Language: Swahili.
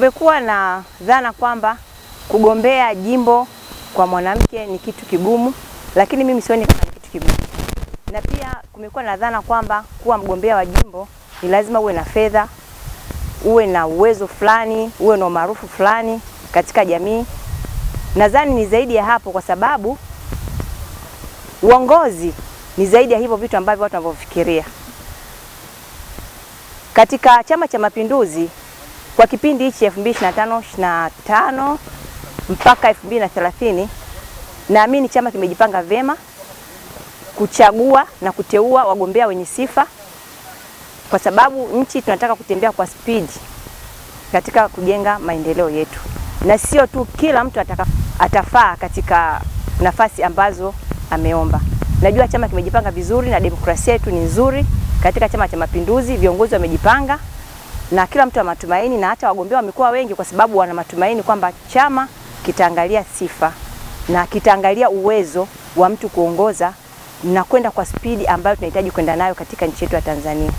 Kumekuwa na dhana kwamba kugombea jimbo kwa mwanamke ni kitu kigumu, lakini mimi sioni kama ni kitu kigumu. Na pia kumekuwa na dhana kwamba kuwa mgombea wa jimbo ni lazima uwe na fedha, uwe na uwezo fulani, uwe na umaarufu fulani katika jamii. Nadhani ni zaidi ya hapo, kwa sababu uongozi ni zaidi ya hivyo vitu ambavyo watu wanavyofikiria. Katika Chama cha Mapinduzi kwa kipindi hichi 2025 25 mpaka 2030 naamini chama kimejipanga vyema kuchagua na kuteua wagombea wenye sifa, kwa sababu nchi tunataka kutembea kwa spidi katika kujenga maendeleo yetu, na sio tu kila mtu ataka, atafaa katika nafasi ambazo ameomba. Najua chama kimejipanga vizuri na demokrasia yetu ni nzuri. Katika Chama cha Mapinduzi viongozi wamejipanga na kila mtu ana matumaini, na hata wagombea wamekuwa wengi kwa sababu wana matumaini kwamba chama kitaangalia sifa na kitaangalia uwezo wa mtu kuongoza na kwenda kwa spidi ambayo tunahitaji kwenda nayo katika nchi yetu ya Tanzania.